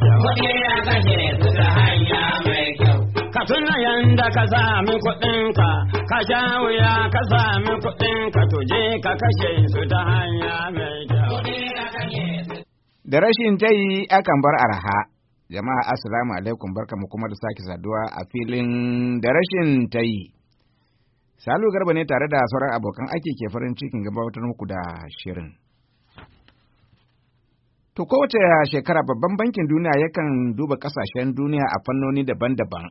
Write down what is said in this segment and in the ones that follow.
Kuɗi kashe su hanya mai kyau. Ka tuna yanda ka sami kuɗinka, ka sha wuya ka sami kuɗinka, to je ka kashe su ta hanya mai kyau. Da rashin tayi akan bar araha. Jama'a Assalamu alaikum barkamu kuma da sake saduwa a filin da rashin tayi. Salu Garba ne tare da sauran abokan aiki ke farin cikin gabatar muku da shirin. To kowace shekara babban bankin duniya yakan duba kasashen duniya a fannoni daban-daban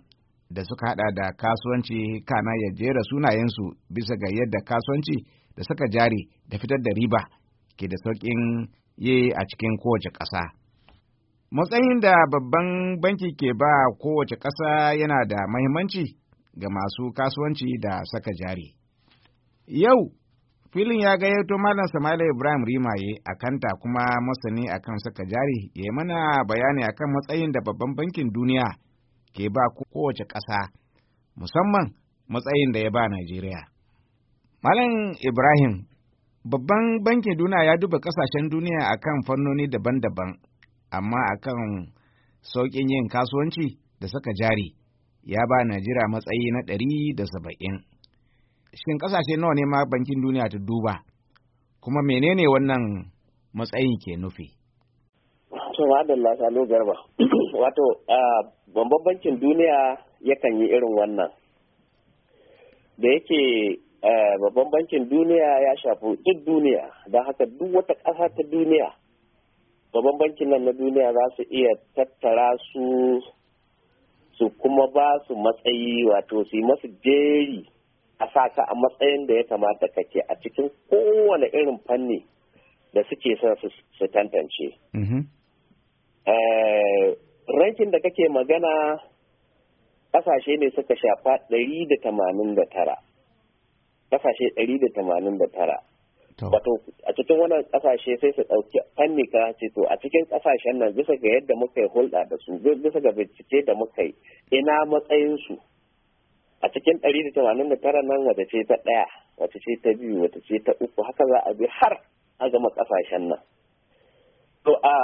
da suka hada da kasuwanci kana ya jera sunayensu bisa ga yadda kasuwanci da suka jari da fitar da riba ke da sauƙin yi a cikin kowace ƙasa. Matsayin da babban banki ke ba kowace ƙasa yana da mahimmanci ga masu kasuwanci da saka jari. Yau filin ya gayyato malam sama'ila ibrahim rimaye a kanta kuma masani akan saka jari ya mana bayani akan matsayin da babban bankin duniya ke ba kowace ƙasa musamman matsayin da ya ba najeriya malam ibrahim babban bankin duniya ya duba ƙasashen duniya akan fannoni daban-daban amma akan sauƙin yin kasuwanci da saka jari ya ba najeriya matsayi na ɗari da saba'in shin ƙasashe nawa ne ma bankin duniya ta duba kuma menene wannan matsayin ke nufi to madalla salo garba wato bambam bankin duniya yakan yi irin wannan da yake babban bankin duniya ya shafi duk duniya don haka duk wata ƙasa ta duniya babban bankin nan na duniya za su iya tattara su su kuma ba su matsayi wato su yi masu jeri a sa ka a matsayin da ya kamata kake a cikin kowane irin fanni da suke son su tantance. Mm-hmm. Eh, rankin da kake magana ƙasashe ne suka shafa ɗari da tamanin da tara. Ƙasashe ɗari da tamanin da tara. Wato a cikin wannan ƙasashe sai su ɗauki fanni ka ce to a cikin ƙasashen nan bisa ga yadda muka yi hulɗa da su bisa ga bincike da muka yi ina matsayinsu. su. a cikin ɗari da tamanin da tara nan wata ce ta ɗaya wata ce ta biyu wata ce ta uku haka za a bi har a gama ƙasashen nan to a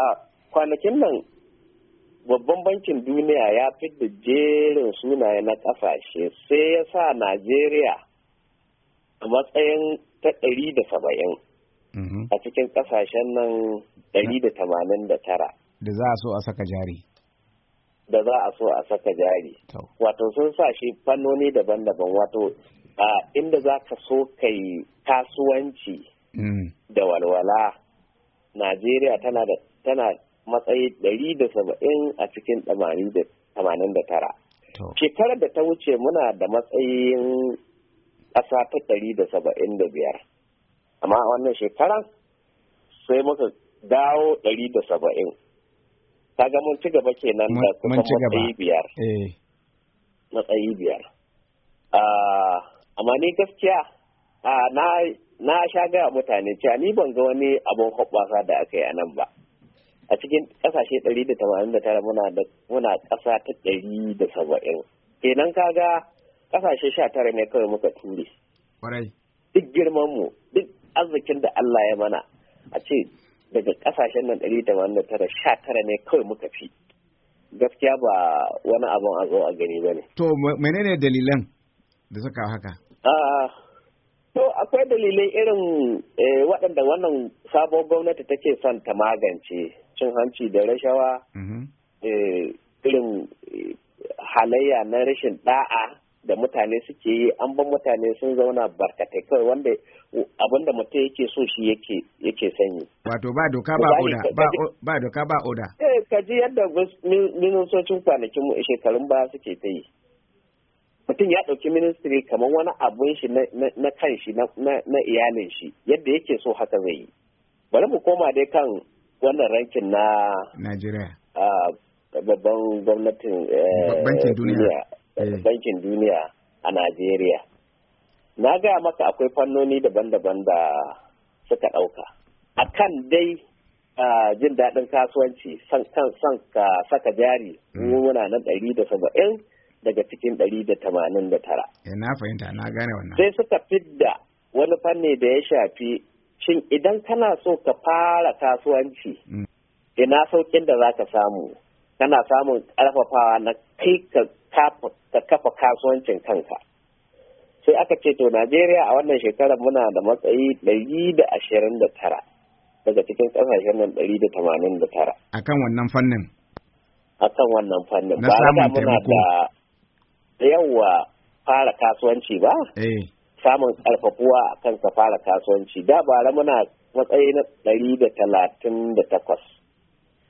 kwanakin nan babban bankin duniya ya fidda jerin sunaye na ƙasashe sai ya sa najeriya a matsayin ta ɗari da saba'in mhm. a cikin ƙasashen nan ɗari da tamanin da tara da za a so a saka jari da za a so a saka jari wato sun sa shi fannoni daban-daban wato a inda za ka so kai kasuwanci mm. da walwala najeriya tana tana matsayi ɗari da saba'in a cikin tamanin da tara shekarar da ta wuce muna da matsayin ƙasa ta ɗari da saba'in da biyar amma wannan shekarar sai muka dawo ɗari da saba'in kaga mun ci gaba kenan da kusan matsayi biyar eh. matsayi biyar ah, amma ni gaskiya ah, na sha gaya mutane cewa ni ban ga wani abin hoɓɓasa da aka yi a nan ba a cikin ƙasashe 189 muna da muna ƙasa ta 170 kenan kaga ƙasashe 19 ne kawai muka ture duk girman mu duk arzikin da Allah ya mana a ce daga kasashen nan ɗari da wannan tara sha tara ne kawai muka fi gaskiya ba wani abin a zo a gani ba ne. To menene dalilan da suka haka? Ah, to akwai dalilai irin eh, waɗanda wannan sabon gwamnati take son ta magance cin hanci da rashawa mm-hmm. eh, irin eh, halayya na rashin ɗa'a da mutane suke yi an ban mutane sun zauna barkatai kawai wanda abin da mutum yake so shi yake yake sanyi wato ba doka ba oda ba doka ba oda eh kaji yadda ministocin kwanakin mu shekarun ba suke ta yi mutum ya ɗauki ministry kamar wani abun shi na kan shi na iyalin shi yadda yake so haka zai yi bari mu koma dai kan wannan rankin na Najeriya ah, babban gwamnatin eh, bankin duniya Eh. bankin duniya a najeriya na gaya maka akwai fannoni daban-daban da suka ɗauka a kan dai jin daɗin kasuwanci son ka saka jari hmm. muna na ɗari da saba'in daga cikin ɗari da tamanin da tara. Eh, na fahimta na gane wannan. Sai suka fidda wani fanni da ya shafi shin idan kana so ka fara kasuwanci hmm. ina saukin da za ka samu kana samun ƙarfafawa na kai ka ka kafa kasuwancin kanka sai aka ce to najeriya a wannan shekarar muna da matsayi ɗari da ashirin da tara daga cikin ƙasashen nan ɗari da tamanin da tara a kan wannan fannin a kan wannan fannin ba da muna da yawa fara kasuwanci ba eh. samun ƙarfafuwa a kan ka fara kasuwanci da bara muna matsayi na ɗari da talatin da takwas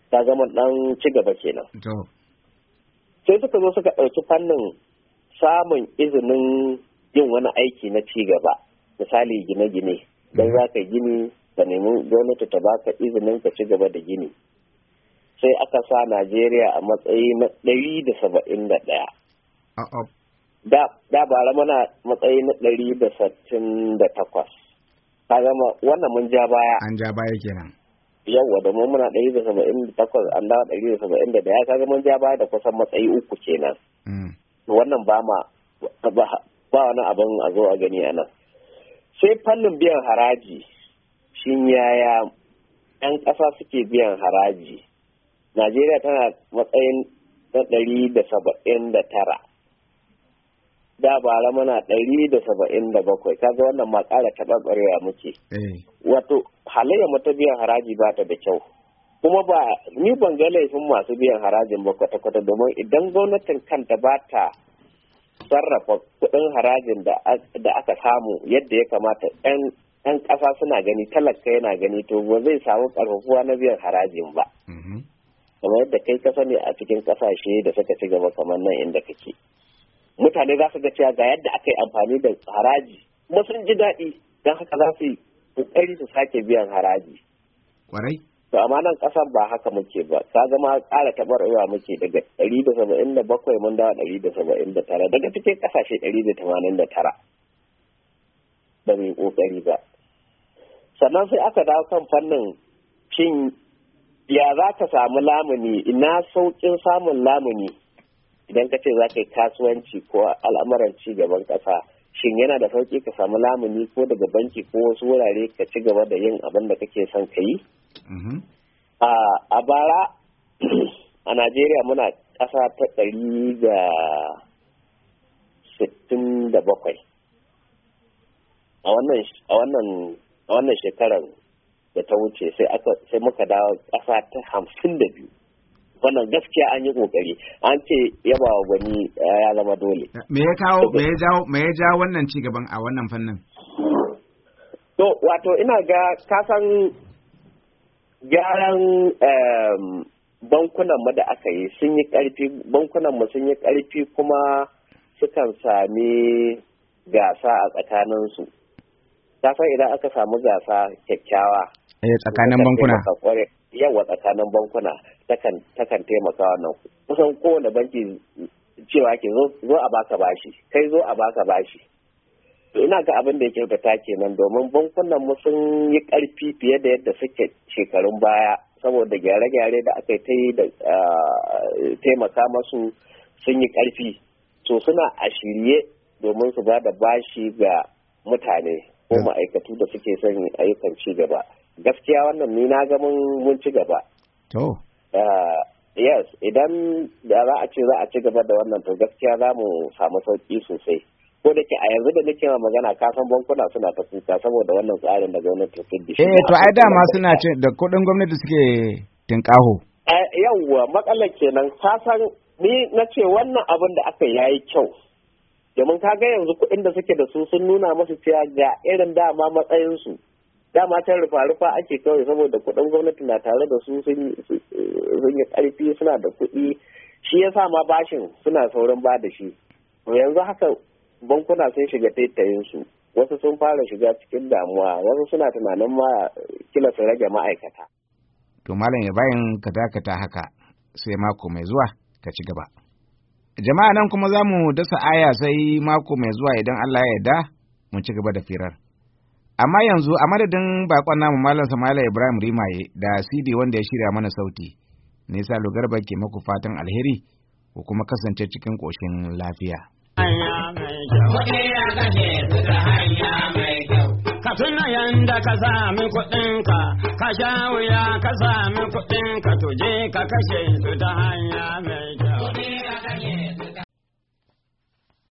ta zama ɗan ci gaba kenan sai suka zo suka ɗauki fannin samun izinin yin wani aiki na ci gaba misali gine-gine don za ka gini ka nemi gwamnati ta baka izinin ka ci gaba da gini sai aka sa najeriya a matsayi na ɗari da saba'in da ɗaya da bara mana matsayi na ɗari da sattin da takwas ka gama wannan mun ja baya an ja baya kenan yawwa da mu muna ɗari da saba'in da takwas an dawa ɗari da saba'in da daya kaga mun ja baya da kusan matsayi uku kenan mm. wannan ba ma ba wani abin a zo a gani a nan sai fannin biyan haraji shi yaya 'yan ƙasa suke biyan haraji najeriya tana matsayin na ɗari da saba'in da tara da bara muna ɗari da saba'in da bakwai kaga wannan ma ƙara taɓarɓarewa muke eh. wato halayya mata biyan haraji ba ta da kyau kuma ba ni ban ga laifin masu biyan harajin ba kwata-kwata domin idan gwamnatin kanta ba ta sarrafa kuɗin harajin da aka samu yadda ya kamata ɗan ƙasa suna gani talaka yana gani to ba zai samu ƙarfafuwa na biyan harajin ba mm-hmm. kamar yadda kai ka sani a cikin ƙasashe da suka ci gaba kamar nan inda kake. mutane za su ga cewa ga yadda aka yi amfani da haraji kuma sun ji daɗi don haka za su yi ƙoƙari su sake biyan haraji. Kwarai. To amma nan ƙasar ba haka muke ba, ka zama ƙara yawa muke daga ɗari da saba'in da bakwai mun dawo ɗari da saba'in da tara daga cikin ƙasashe ɗari da tamanin da tara. Ba mu yi ƙoƙari ba. Sannan sai aka dawo kan fannin shin ya za ka samu lamuni ina sauƙin samun lamuni idan ka ce za ka yi kasuwanci ko al'amuran ci gaban ƙasa shin yana da sauƙi ka samu lamuni ko daga banki ko wasu wurare ka ci gaba da yin abin da kake son ka yi? Mm-hmm. A bara a Najeriya muna ƙasa ta ɗari da sittin da bakwai. A wannan shekarar da ta wuce sai muka dawo ƙasa ta hamsin da biyu. wannan gaskiya an yi kokari an ce yaba wa gani eh, ya zama dole me ya kawo me ya jawo me ya jawo wannan ci gaban a wannan fannin to wato ina ga kasan gyaran ehm, bankunan mu da aka yi sun yi karfi bankunan mu sun yi karfi kuma sukan sami gasa a tsakaninsu kasan idan aka samu gasa kyakkyawa eh, tsakanin bankuna yawa tsakanin bankuna takan taimaka wannan kusan kowane banki cewa ke zo a baka bashi kai zo a baka bashi ina ga abin da ya kyautata kenan domin bankunan mu sun yi karfi fiye da yadda suke shekarun baya saboda gyare-gyare da aka yi taimaka masu sun yi karfi to suna a shirye domin su ba da bashi ga mutane ko hmm. ma'aikatu da suke son ayyukan ci gaba gaskiya wannan ni na ga mun ci gaba to eh, yes idan da za a ce za a ci gaba da wannan to gaskiya za mu samu sauki sosai ko da ke a yanzu da nake magana kasan bankuna suna ta kuka saboda wannan tsarin da gwamnati ta da shi eh to ai dama suna ce da kuɗin gwamnati suke tinkaho eh, yawwa matsalar kenan kasan ni na ce wannan abin da aka yayi kyau domin ka ga yanzu kuɗin da suke da su sun nuna musu cewa ga irin dama matsayinsu dama can rufa-rufa ake kawai saboda kuɗin gwamnati na tare da su sun yi karfi suna da kuɗi shi ya sa ma bashin suna saurin ba da shi to yanzu haka bankuna sun shiga taitayin su wasu sun fara shiga cikin damuwa wasu suna tunanin ma kila su rage ma'aikata to malam ya bayan ka dakata haka sai mako mai zuwa ka ci gaba jama'a nan kuma za mu dasa aya sai mako mai zuwa idan Allah ya yarda mu ci gaba da firar Amma yanzu a madadin bakon namu Malam Samala Ibrahim Rimaye da CD wanda ya shirya mana sauti, Nisa Lugarba ke maku fatan alheri ko kuma kasance cikin ƙoshin lafiya. yanda ka sami kuɗinka, ka sha ka kashe su ta hanya